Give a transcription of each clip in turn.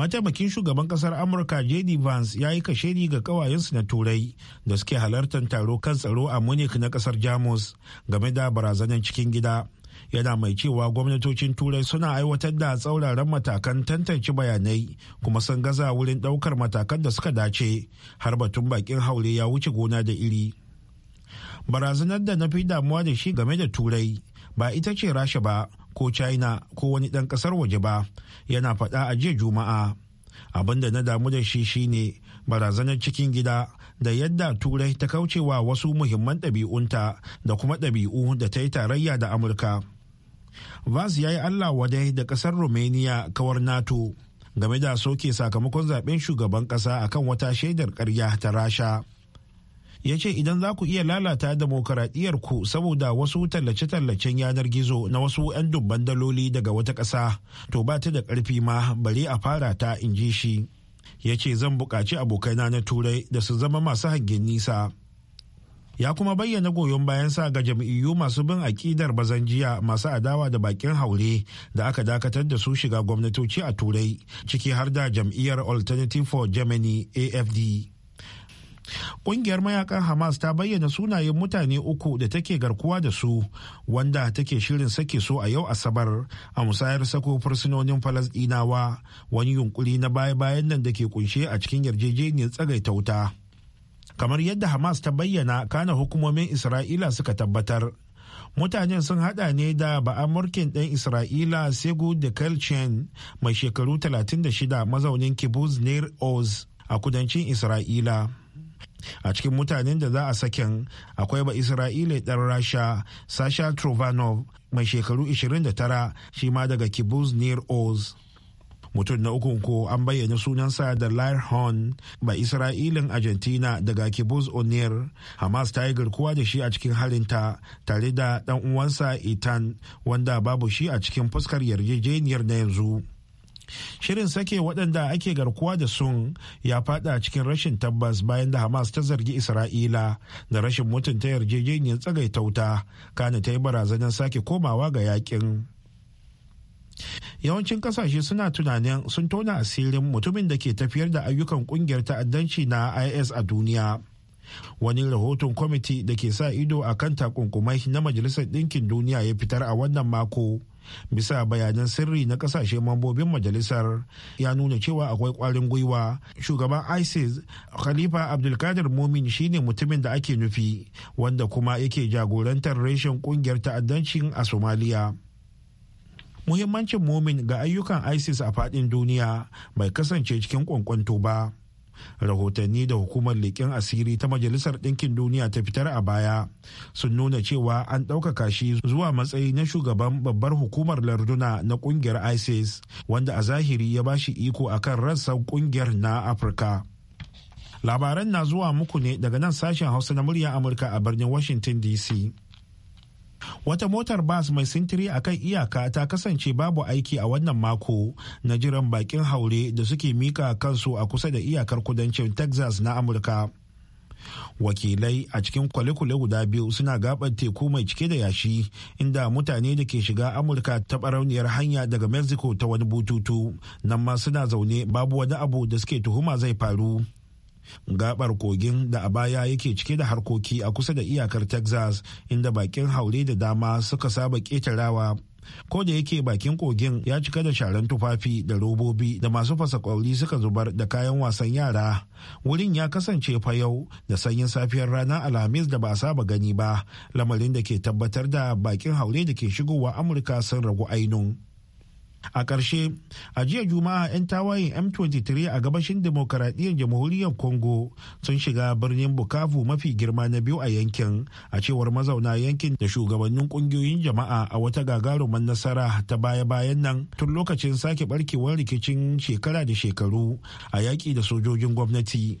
mataimakin shugaban kasar amurka jd vance ya yi kashedi ga kawayensu na turai da suke halartar taro kan tsaro a munich na kasar jamus game da barazanar cikin gida yana mai cewa gwamnatocin turai suna aiwatar da tsauraran matakan tantance bayanai kuma sun gaza wurin daukar matakan da suka dace har batun bakin haure ya wuce gona da iri barazanar da na fi damuwa da shi game da turai ba ita ce rasha ba ko china ko wani ɗan ƙasar waje ba yana faɗa a jiya juma'a abin da na damu da shi shine barazanar cikin gida da yadda turai ta kaucewa wasu muhimman ɗabi'unta da kuma ɗabi'u da ta yi tarayya da amurka vas ya yi allah wadai da ƙasar romania kawar nato game da soke sakamakon zaben shugaban ƙasa akan wata shaidar ƙarya ta rasha ya ce idan za ku iya lalata demokaradiyyar ku saboda wasu tallace-tallacen yanar gizo na wasu 'yan dubban daloli daga wata ƙasa to ba ta da ƙarfi ma bari a fara ta in ji shi ya ce zan buƙaci abokaina na turai da su zama masu hangen nisa ya kuma bayyana goyon bayan sa ga jam'iyyu masu bin aƙidar jiya masu adawa da bakin haure da aka dakatar da su shiga gwamnatoci a turai ciki har da jam'iyyar alternative for germany afd Ƙungiyar mayakan Hamas ta bayyana sunayen mutane uku da take garkuwa da su wanda take shirin sake su a yau Asabar a musayar sako fursunonin Falasɗinawa wani yunkuri na baya-bayan nan da ke kunshe a cikin yarjejeniyar tsagaitauta wuta. Kamar yadda Hamas ta bayyana kana hukumomin Isra'ila suka tabbatar. mutanen sun hada ne da ba'amurkin ɗan isra'ila segu de kelchen mai shekaru 36 mazaunin kibbutz nir oz a kudancin isra'ila a cikin mutanen da za a saken akwai ba isra'ila ɗan rasha sasha trovanov mai shekaru 29 shi ma daga kibbutz near oz mutum na ukun ko an bayyana sunansa da lair horn ba isra'ilin argentina daga kibbutz onir hamas ta yi garkuwa da shi a cikin halinta tare da ɗan uwansa itan wanda babu shi a cikin fuskar yarjejeniyar na yanzu shirin sake waɗanda ake garkuwa da sun ya fada cikin rashin tabbas bayan da hamas ta zargi isra'ila da rashin mutunta yarjejeniyar Tauta, kana ta yi barazanar sake komawa ga yakin yawancin kasashe suna tunanin sun tona asirin mutumin da ke tafiyar da ayyukan kungiyar ta'addanci na is a duniya wani rahoton kwamiti da ke sa ido a kan takunkumai na majalisar ɗinkin duniya ya fitar a wannan mako bisa bayanan sirri na kasashe mambobin majalisar ya nuna cewa akwai kwarin gwiwa shugaban isis khalifa abdulkadir mumin shine mutumin da ake nufi wanda kuma yake jagorantar reshen kungiyar ta'addancin a somaliya muhimmancin mumin ga ayyukan isis a faɗin duniya bai kasance cikin kwankwanto ba rahotanni da hukumar leƙen asiri ta majalisar ɗinkin duniya ta fitar a baya sun nuna cewa an ɗaukaka shi zuwa matsayi na shugaban babbar hukumar larduna na ƙungiyar isis wanda a zahiri ya ba shi iko a kan rassan ƙungiyar na afirka labaran na zuwa muku ne daga nan sashen hausa na murya amurka a birnin washington dc wata motar bas mai sintiri a kan iyaka ta kasance babu aiki a wannan mako na jiran bakin haure da suke mika kansu a kusa da iyakar kudancin texas na amurka wakilai a cikin kwale-kwale guda biyu suna gabar teku mai cike da yashi inda mutane da ke shiga amurka ta barauniyar hanya daga mexico ta wani bututu nan ma suna zaune babu wani abu da suke tuhuma zai faru gabar kogin da a baya yake cike da harkoki a kusa da iyakar texas inda bakin haure da dama suka saba ketarawa ko da yake bakin kogin ya cika da sharan tufafi da robobi da masu fasa kwauri suka zubar da kayan wasan yara wurin ya kasance fa yau da sanyin safiyar ranar alhamis da ba a saba gani ba lamarin da ke tabbatar da bakin haure da ke shigowa amurka sun ragu ainun a ƙarshe a jiya juma'a 'yan tawayin m23 a gabashin demokaradiyyar jamhuriyar congo sun shiga birnin bukavu mafi girma na biyu a yankin a cewar mazauna yankin da shugabannin ƙungiyoyin jama'a a wata gagarumar nasara ta baya-bayan nan tun lokacin sake barkewar rikicin shekara da shekaru a yaƙi da sojojin gwamnati.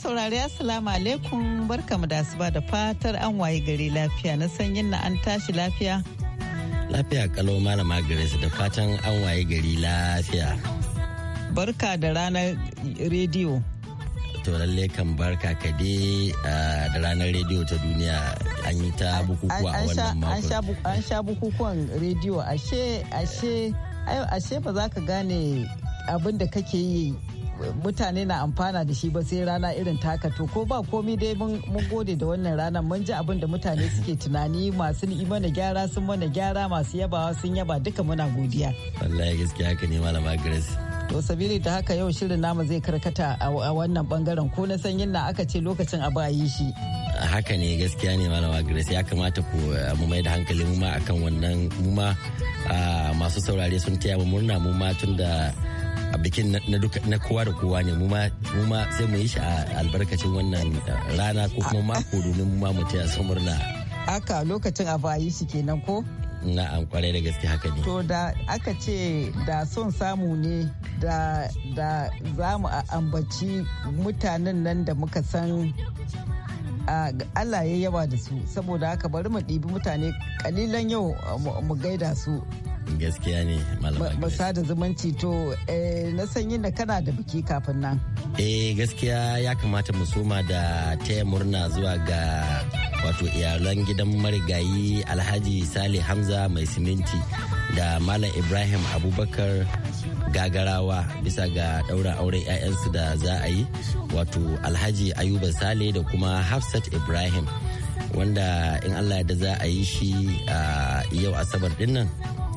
saurari assalamu alaikum barkamu da asuba da fatar an waye gari lafiya na sanyin na an tashi lafiya. Lafiya kalau malama Grace da fatan an waye gari lafiya. Barka da ranar rediyo. To lalle kan barka ka da ranar rediyo ta duniya an yi ta bukukuwa a wannan makon. An sha bukukuwan rediyo ashe ashe ashe ba za ka gane abin da kake yi mutane na amfana da shi ba sai rana irin taka to ko ba komi dai mun gode da wannan rana mun ji abin da mutane suke tunani masu yi mana gyara sun mana gyara masu yabawa sun yaba duka muna godiya wallahi gaskiya haka ne malam agres to sabili da haka yau shirin namu zai karkata a wannan bangaren ko na sanyin na aka ce lokacin a yi shi haka ne gaskiya ne malam agres ya kamata ku eh, mu mai da hankali mu ma akan wannan mu ma ah, masu saurare sun taya mu murna mu ma tun da a bikin na duka na kowa da kowa ne mu ma sai mu yi shi a albarkacin wannan uh, rana ko kuma mako domin mu ma mu taya su murna haka lokacin a bayi shi kenan ko na an kwarai da gaske haka ne to da aka ce da son samu ne da da za mu ambaci mutanen nan da muka san Allah ya yawa da su saboda haka bari mu ɗibi mutane kalilan yau uh, mu gaida su gaskiya ne malama ba da zumunci to eh, na san da kana da biki kafin nan eh gaskiya ya kamata mu soma da taya murna zuwa ga wato iyalan gidan marigayi alhaji sali hamza mai siminti da malam ibrahim abubakar gagarawa bisa ga daura auren 'ya'yansu da za a yi wato alhaji ayuba sale da kuma hafsat ibrahim wanda in allah da za a yi shi a ah, yau asabar dinnan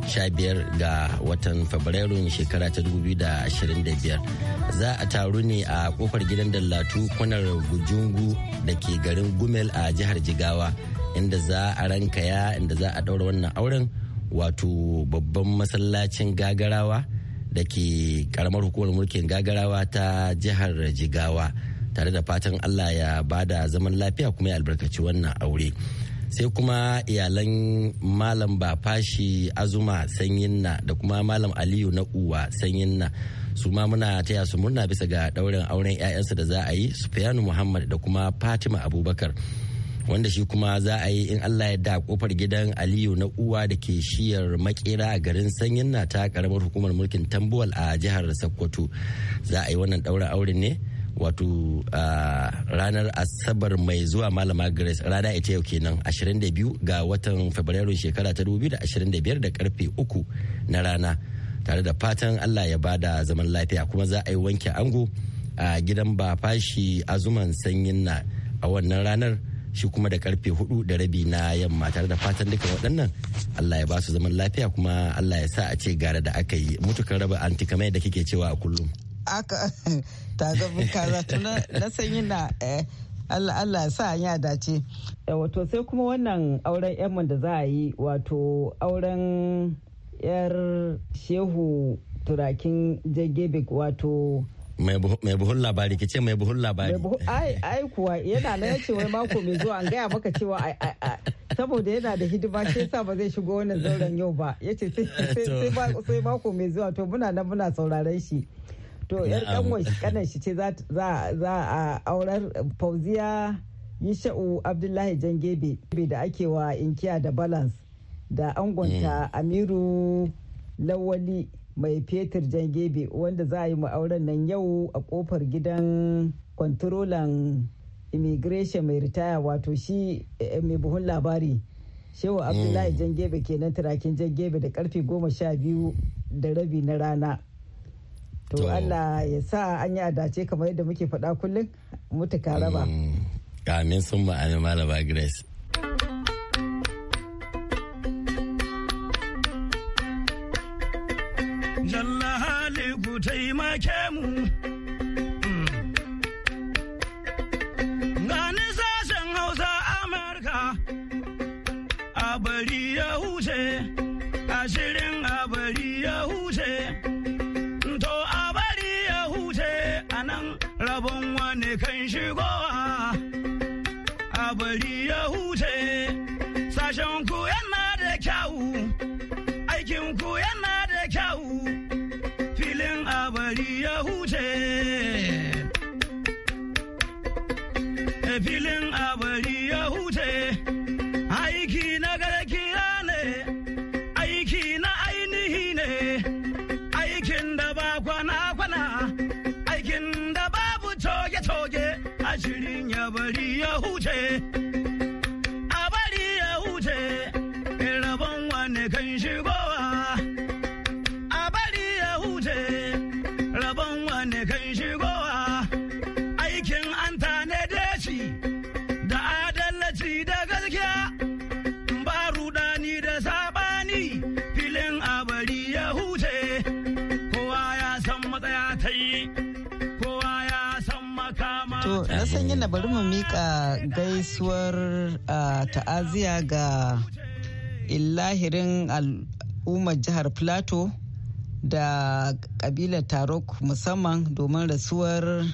15 ga watan fabrairun shekara ta 2025 za a taru ne a kofar gidan dallatu kwanar gujungu da ke garin gumel a jihar jigawa inda za a rankaya inda za a daura wannan auren wato babban masallacin gagarawa da ke karamar hukumar mulkin gagarawa ta jihar jigawa tare da fatan allah ya bada zaman lafiya kuma ya albarkaci wannan aure. sai kuma iyalan malam bafashi azuma sanyin na da kuma malam aliyu na uwa sanyin na su ma muna taya su murna bisa ga ɗaurin auren 'ya'yansu da za a yi sufiyanu muhammad da kuma fatima abubakar wanda shi kuma za a yi in allah ya da kofar gidan aliyu na uwa da ke shiyar makera a garin sanyin na ta karamar hukumar mulkin tambuwal a jihar sokoto za a yi wannan ɗaurin auren ne wato ranar asabar mai zuwa malama grace rana ita yau kenan 22 ga watan fabrairun shekara ta 2025 da karfe 3 na rana tare da fatan allah ya bada zaman lafiya kuma za a yi wanke ango a gidan ba bafashi azuman sanyin na a wannan ranar shi kuma da karfe hudu da rabi na yamma tare da fatan duka waɗannan Allah ya ba su zaman lafiya kuma Allah ya sa a ce gara da aka yi mutukan raba antikamai da kike cewa a kullum. aka tazabin kaza na sanyi na eh, Allah Allah sa ya dace. Wato sai kuma wannan auren yanmu da za a yi wato auren yar shehu turakin jagebek wato mai buhun labari ke ce mai buhun labari ai kuwa yana na ya ce wai mako mai zuwa an gaya maka cewa saboda yana da hidima shi yasa ba zai shigo wannan zauren yau ba yace sai mako mai zuwa to muna nan muna sauraron shi to yan kanwar shi kanan shi ce za a aurar um, fauziya yisha'u abdullahi jangebe da ake wa inkiya da balance da angonta mm. amiru lawali mai fetur jangebe wanda za a yi auren nan yau a kofar gidan kwantarolan immigration mai ritaya wato shi eh, mai buhun labari shehu abdullahi mm. jangebe kenan turakin jangebe da karfe goma sha biyu da rabi na rana to Allah ya sa an yi adace kamar yadda muke faɗa kullum mutu ka raba mm. amin sun ma'ani malama grace kan shigowa a bari ya huce san yana bari mu mika gaisuwar ta'aziya ga illahirin al'ummar jihar plateau da kabilar tarok musamman domin rasuwar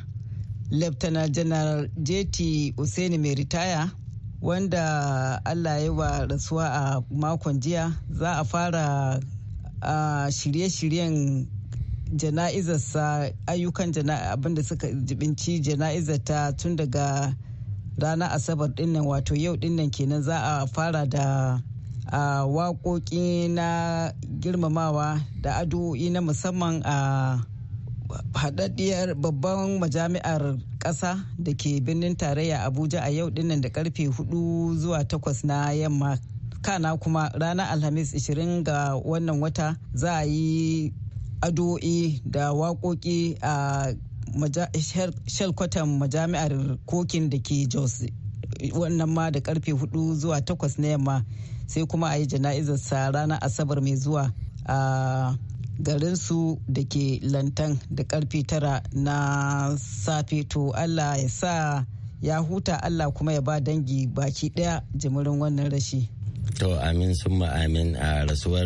Lieutenant General JT Usaini mai ritaya wanda Allah ya wa rasuwa a makon jiya za a fara shirye-shiryen jana'izarsa ayyukan jana'a abinda suka jibinci jana'izar ta tun daga rana asabar dinnan wato yau dinnan kenan za a fara da a waƙoƙi na girmamawa da addu'o'i na musamman a haɗaɗɗiyar babban majami'ar ƙasa da ke birnin tarayya abuja a yau dinnan da karfe 4 zuwa 8 na yamma kana kuma ranar alhamis 20 ga wannan wata za a yi addu'o'i da waƙoƙi a shelkwatan majami'ar kokin da ke jos wannan ma da karfe 4 zuwa 8 na yamma sai kuma a yi jana'izar sa ranar asabar mai zuwa a garinsu da ke lantan da karfe 9 na safe to allah ya sa ya huta allah kuma ya ba dangi baki daya jimirin wannan rashi. To amin sun amin a rasuwar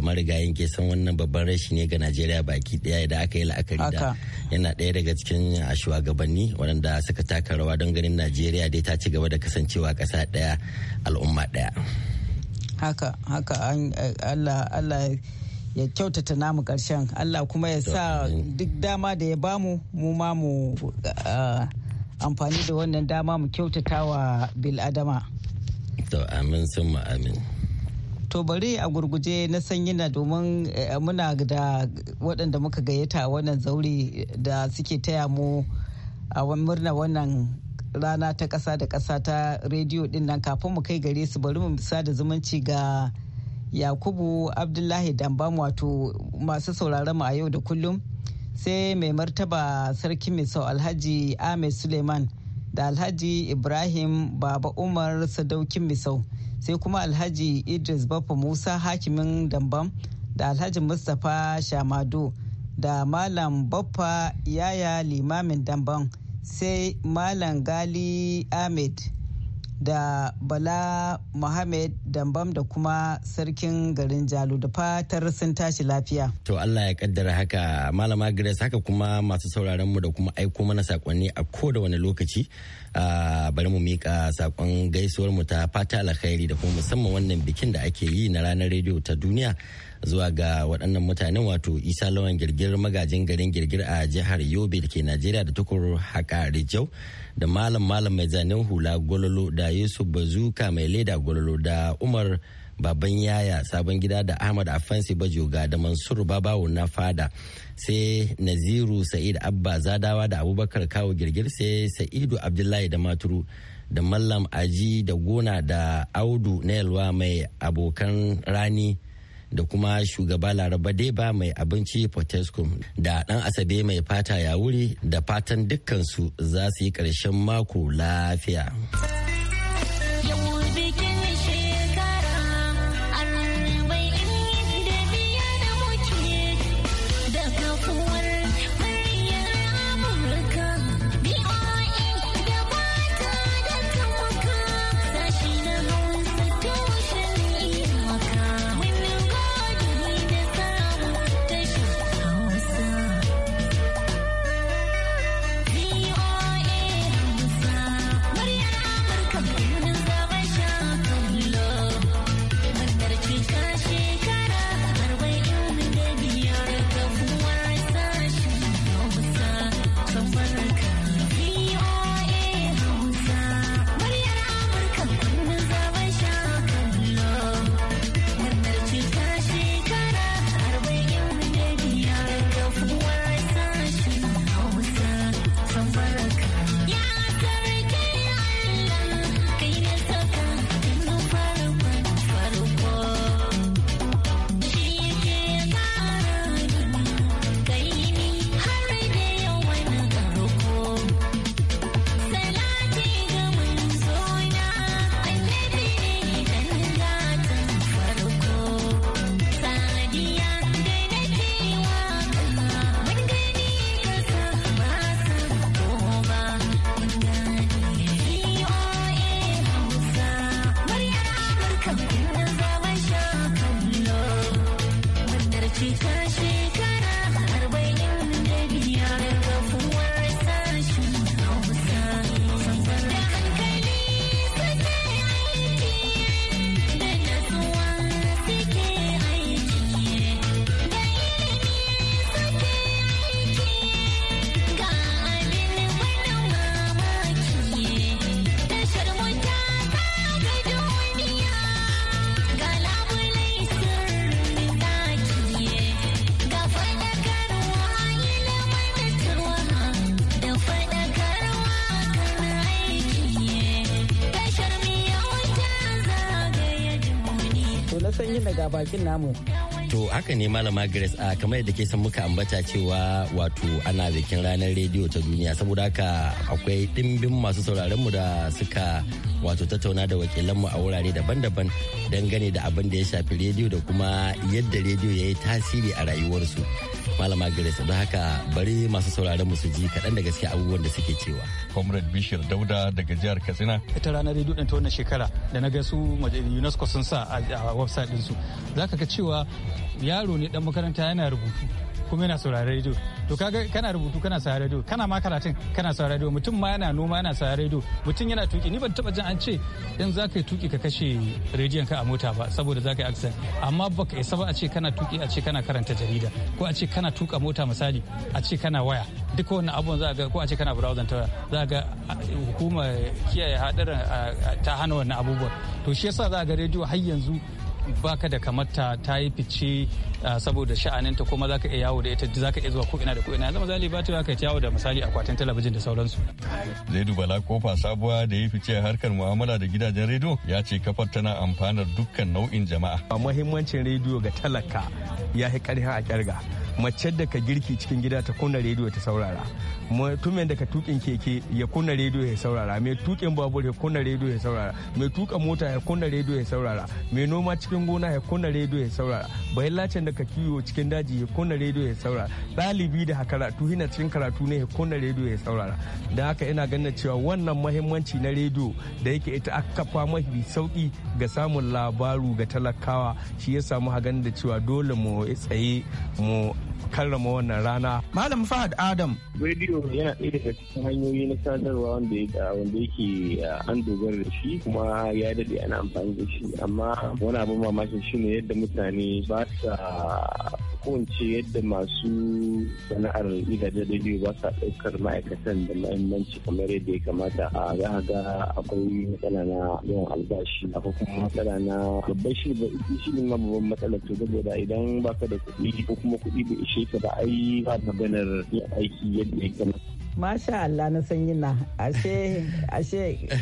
marigayin ke san wannan babban rashi ne ga Najeriya baki daya da aka yi la'akari da yana daya daga cikin shugabanni waɗanda suka taka rawa don ganin Najeriya dai ta ci gaba da kasancewa ƙasa daya al'umma daya Haka haka Allah Allah ya kyautata namu ƙarshen Allah kuma ya sa duk dama da ya bamu mu ma mu amfani da wannan dama mu kyautata wa bil'adama. to amin sun amin to bari a gurguje na sanyina domin eh, muna da waɗanda muka gayyata wannan zauri da suke taya mu a murna wannan rana ta ƙasa da ƙasa ta rediyo ɗin nan kafin mu kai gare su bari mu bisa da zumunci ga yakubu abdullahi dambam wato masu sauraron mu a yau da kullum sai mai martaba sarki mai sau alhaji ahmed suleiman da alhaji ibrahim baba umar sadaukin misau sai kuma alhaji idris bafa musa hakimin dambam da alhaji mustapha shamado da malam bafa yaya limamin dambam sai malam gali ahmed da Bala Muhammad Dambam da kuma sarkin garin Jalo da fatar sun tashi lafiya. To Allah ya kaddara haka Malama Grace haka kuma masu sauraronmu da kuma aiko mana sakonni a ko da wani lokaci. bari mu miƙa sakon gaisuwar mu ta fata alkhairi da kuma musamman wannan bikin da ake yi na ranar rediyo ta duniya. zuwa ga waɗannan mutanen wato isa lawan girgir magajin garin girgir a jihar yobe da ke najeriya da tukur haka rijau da malam malam mai zanen hula gololo da yusuf bazuka mai leda gololo da umar baban yaya sabon gida da ahmad afansi bajoga da mansur babawo na fada sai naziru sa'id abba zadawa da abubakar kawo girgir sai sa'idu abdullahi da maturu da mallam aji da gona da audu na yalwa mai abokan rani da kuma shugaba laraba deba mai abinci Potescom da dan asabe mai fata ya wuri da fatan dukkansu za su yi ƙarshen mako lafiya. bakin namu to haka ne malama grace a ah, kamar yadda ke san muka ambata cewa wato ana bikin ranar rediyo ta duniya saboda haka akwai dimbin masu sauraron mu da suka wato tattauna da wakilan mu a wurare daban-daban dangane da abin da ya shafi rediyo da kuma yadda rediyo ya yi tasiri a rayuwarsu malama grace don haka bari masu sauraron musu ji kaɗan da gaske abubuwan da suke cewa comrade bishir dauda daga jihar katsina ita ranar rediyo ɗin ta wannan shekara da na ga su unesco sun sa a website ɗinsu za ka ga cewa yaro ne dan makaranta yana rubutu kuma yana sauraron rediyo to kaga kana rubutu kana sa radio kana ma karatun kana sa radio mutum ma yana noma yana sa radio mutum yana tuki ni ban taba jin an ce in za ka yi tuki ka kashe rediyon ka a mota ba saboda za ka yi accident amma baka isa ba a ce kana tuki a ce kana karanta jarida ko a ce kana tuka mota misali a ce kana waya duka wannan abun za ga ko a ce kana browser ta za ga hukumar kiyaye hadarin ta hana wannan abubuwan to shi yasa za ga rediyo har yanzu baka da kamata ta yi fice ah, saboda sha'aninta kuma ka iya yawo da ita za ka iya zuwa ko'ina da ko ina yanzu misali ba ta yi yawo da misali akwatin talabijin da sauransu zai Bala kofa sabuwa da ya fice harkar mu'amala da gidajen rediyo ya ce kafar tana amfanar dukkan nau'in jama'a muhimmancin rediyo ga talaka ya fi karfin a kyarga mace da ka girki cikin gida ta kunna rediyo ta saurara mutumin da ka tukin keke ya kunna rediyo ya saurara mai tukin babur ya kunna rediyo ya saurara mai tuka mota ya kunna rediyo ya saurara mai noma cikin gona ya kunna rediyo ya saurara bayan lacin da ka kiwo cikin daji ya kunna rediyo ya saurara ɗalibi da karatu hina cikin karatu ne ya kunna rediyo ya saurara da haka ina ganin cewa wannan mahimmanci na rediyo da yake ita aka fa mafi sauki ga samun labaru ga talakawa shi ya samu hagan da cewa dole mu tsaye mu karrama wannan rana. Malam Fahad Adam. Radio yana ɗaya daga cikin hanyoyi na sadarwa wanda wanda yake ah, an dogara da shi kuma ya daɗe ana amfani da shi amma wani abin shi ne yadda mutane ba sa kowace yadda masu sana'ar gidajen rediyo ba sa ɗaukar ma'aikatan da mahimmanci kamar yadda ya kamata a ga ga akwai matsala na yawan albashi ko kuma matsala na babban shi ba shi ne ma babban matsala to saboda idan ba ka da kuɗi ko kuma kuɗi bai ishe ka ba ai ba maganar yin aiki yadda ya kamata Masha Allah na sanyi na ashe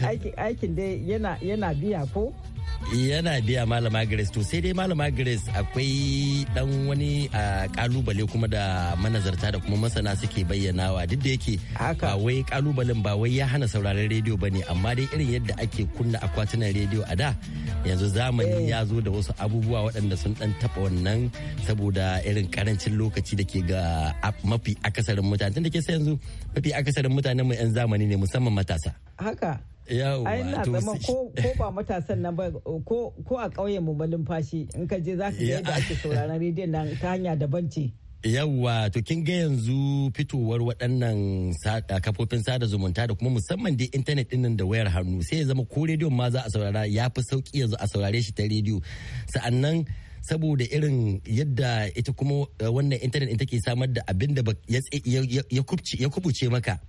aikin dai yana biya ko? yana biya malama grace to sai dai malama grace akwai dan wani kalubale kuma da manazarta da kuma masana suke bayyanawa duk da yake ba wai kalubalen ba wai ya hana sauraron rediyo ba ne amma dai irin yadda ake kunna akwatunan rediyo a da yanzu zamani eh. ya zo da wasu abubuwa waɗanda sun dan taɓa wannan saboda irin karancin lokaci da ke ga mafi akasarin mutane tun da ke sai yanzu mafi akasarin mutane mu 'yan zamani ne musamman matasa haka ai ina ko ba matasan ko a ƙauyen mu fashi in ka je za yadda ake sauraron rediyon nan ta hanya daban ce yawwa to kin ga yanzu fitowar waɗannan kafofin sada zumunta da kuma musamman da intanet ɗin da wayar hannu sai ya zama ko rediyon ma za a saurara ya fi sauƙi yanzu a saurare shi ta rediyo sa'annan saboda irin yadda ita kuma eh, wannan intanet ɗin take samar da abin da ya kubuce maka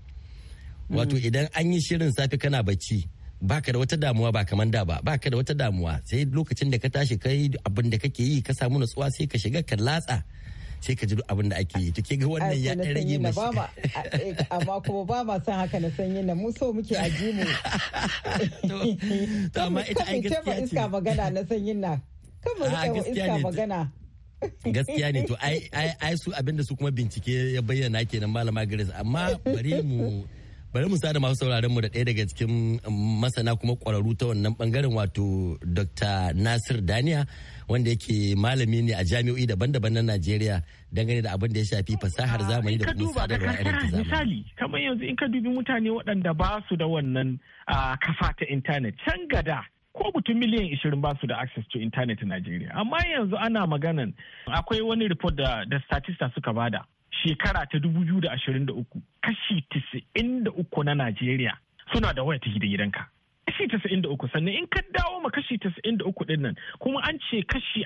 wato mm. idan an yi shirin safe kana bacci baka da wata damuwa ba kamar da ba baka da wata damuwa sai lokacin da ka tashi kai abin da kake yi ka samu nutsuwa sai ka shiga ka latsa sai ka ji duk abin da ake yi to ke ga wannan ya dan rage mashi amma kuma ba ma san haka na sanyi na mu so muke aji mu to amma ita ai gaskiya ce iska magana na sanyin na kamar iska magana gaskiya ne to ai su abinda su kuma bincike ya bayyana kenan malama Grace amma bari mu bari mu sada masu sauraron mu da ɗaya daga cikin um, masana kuma ƙwararru ta wannan bangaren wato dr nasir daniya wanda yake malami ne a jami'o'i daban-daban na najeriya dangane da abin da ya shafi fasahar zamani da kuma sadarwa a misali kamar yanzu in ka dubi mutane waɗanda ba su da wannan kafa ta intanet can gada ko mutum miliyan 20 ba su da access to internet a Najeriya. Amma yanzu ana maganan akwai wani report da, da statista suka bada shekara ta 2023 kashi 93 na Najeriya suna da waya ta gidanka. kashi 93 sannan in ka dawo ma kashi 93 din nan kuma an ce kashi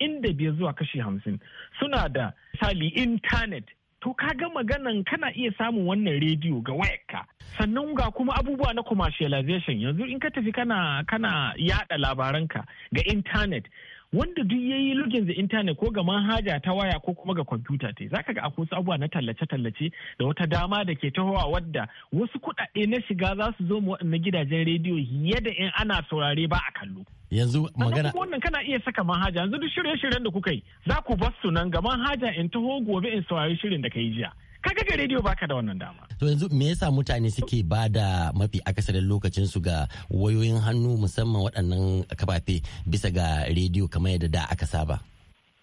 45 zuwa kashi hamsin suna da Sali intanet to ka ga maganan kana iya samun wannan rediyo ga wayarka sannan ga kuma abubuwa na commercialization yanzu in ka tafi kana kana yada labaranka ga intanet wanda duk yayi login da intanet ko ga manhaja ta waya ko kuma ga kwamfuta ta zaka ga akwai wasu abubuwa na tallace-tallace da wata dama da ke tahowa wadda wasu kuɗaɗe na shiga za su zo mu waɗannan gidajen rediyo da in ana saurare ba a kallo. yanzu magana wannan kana iya saka manhaja yanzu duk shirye-shiryen da kuka yi za ku bar su nan ga manhaja in taho gobe in saurari shirin da ka yi jiya kaga ga rediyo baka da wannan dama to yanzu me yasa mutane suke ba da mafi akasarin lokacin su ga wayoyin hannu musamman waɗannan kafafe bisa ga rediyo kamar yadda da aka saba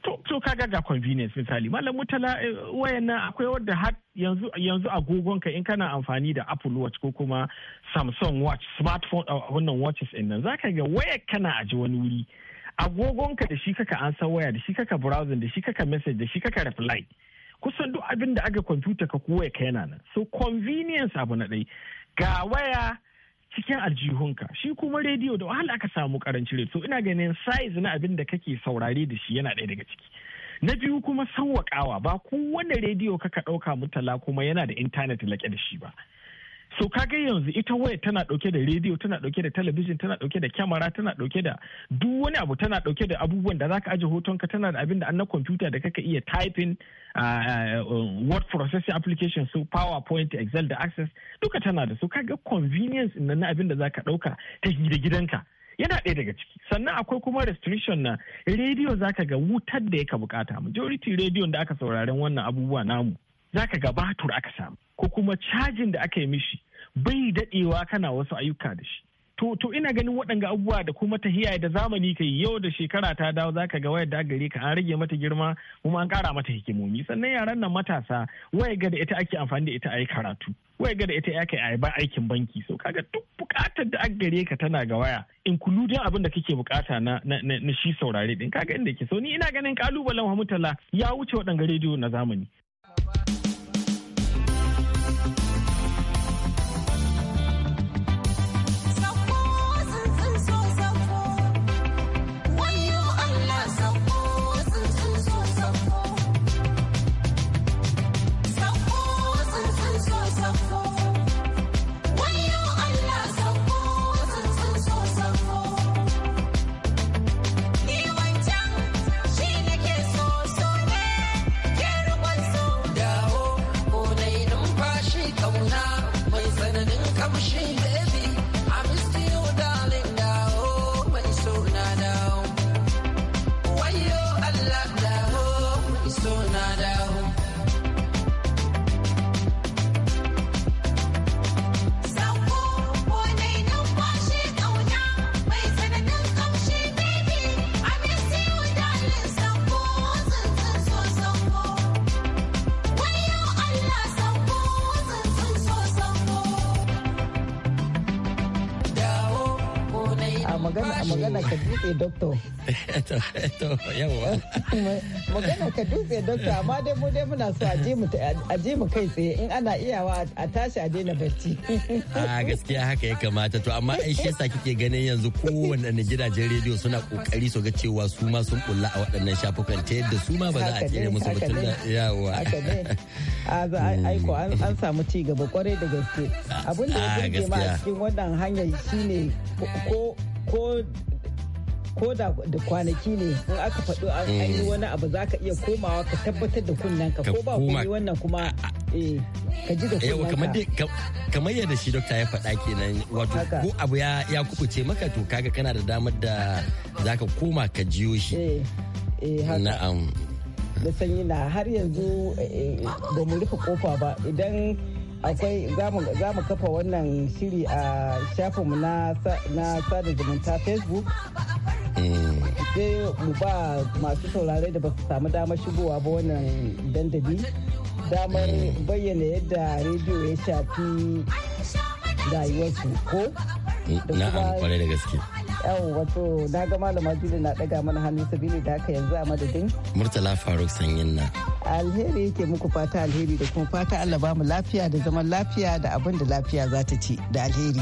to to kaga ga convenience misali malam mutala eh, wayan nan akwai wadda har yanzu yanzu agogonka in kana amfani da Apple Watch ko kuma Samsung Watch smartphone ah, wannan watches din nan zaka ga waya kana aji wani wuri agogonka da shi kaka an san waya da shi kaka browsing da shi kaka message da shi kaka reply kusan duk abin da aka kwamfuta ka kuwa ka yana nan so convenience abu na ɗai ga waya cikin aljihunka shi kuma rediyo da wahala aka samu karanci rediyo so ina ganin size na abin da kake saurare da shi yana ɗaya daga ciki na biyu kuma sauwaƙawa ba kowane rediyo kaka ɗauka mutala kuma yana da intanet laƙe da shi ba so kaga yanzu ita waya tana dauke da rediyo tana dauke da talabijin tana dauke da kyamara tana dauke da duk wani abu tana dauke da abubuwan da zaka aje ka tana da abin da an na kwamfuta da kaka iya typing uh, word processing application su so powerpoint excel da access duka tana da su so, kaga convenience na abin da zaka dauka ta gida gidanka yana ɗaya daga ciki sannan akwai kuma restriction na rediyo zaka ga wutar da yaka bukata majority rediyon da aka sauraren wannan abubuwa namu za ka ga batur aka samu ko kuma cajin da aka yi mishi bai daɗewa kana wasu ayyuka da shi to to ina ganin waɗanga abubuwa da kuma ta hiyaye da zamani kai yau da shekara ta dawo zaka ga wayar da gare ka an rage mata girma kuma an ƙara mata hikimomi sannan yaran nan matasa waya ga da ita ake amfani da ita ayi karatu waya ga da ita ake ayi ba aikin banki so kaga duk bukatar da aka gare ka tana ga waya inkludin abin da kake bukata na na shi saurare din kaga inda ke so ni ina ganin kalubalen mutala ya wuce waɗanga rediyo na zamani. to yawa magana ka dutse dokta amma dai mu dai muna so a je mu kai tsaye in ana iyawa a tashi a daina barci a gaskiya haka ya kamata to amma ai shi kike ganin yanzu kowanne gidajen rediyo suna kokari su ga cewa su ma sun bulla a waɗannan shafukan ta yadda su ma ba za a tsere musu ba tunda yawa aiko an samu ci gaba kwarai da gaske abin da ya ma a cikin wannan hanyar shine ko ko ko da kwanaki ne in aka faɗo an yi mm. wani abu za ka iya komawa ka tabbatar da kunnen ka ko ba yi wannan kuma eh, ka ji da eh, kunnen ka kamar yadda shi dokta ya faɗa kenan wato ko abu ya kubuce maka to kaga kana da damar da za ka koma ka jiyo shi eh, na'am da sanyi na har yanzu ba mu rufe kofa ba idan akwai za mu kafa wannan shiri a shafinmu na sada zumunta facebook Eh. sai mu ba masu saurare da ba su samu damar shigowa ba wannan dandali damar eh. bayyana yadda rediyo ya shafi rayuwarsu ko eh, na kwarai da gaske yawon wato na ga malama juli na daga mana hannu sabini da haka yanzu a madadin murtala faruk sanyin na alheri yake muku fata alheri da kuma fata allah ba mu lafiya da zaman lafiya da abin da lafiya za ta ci da alheri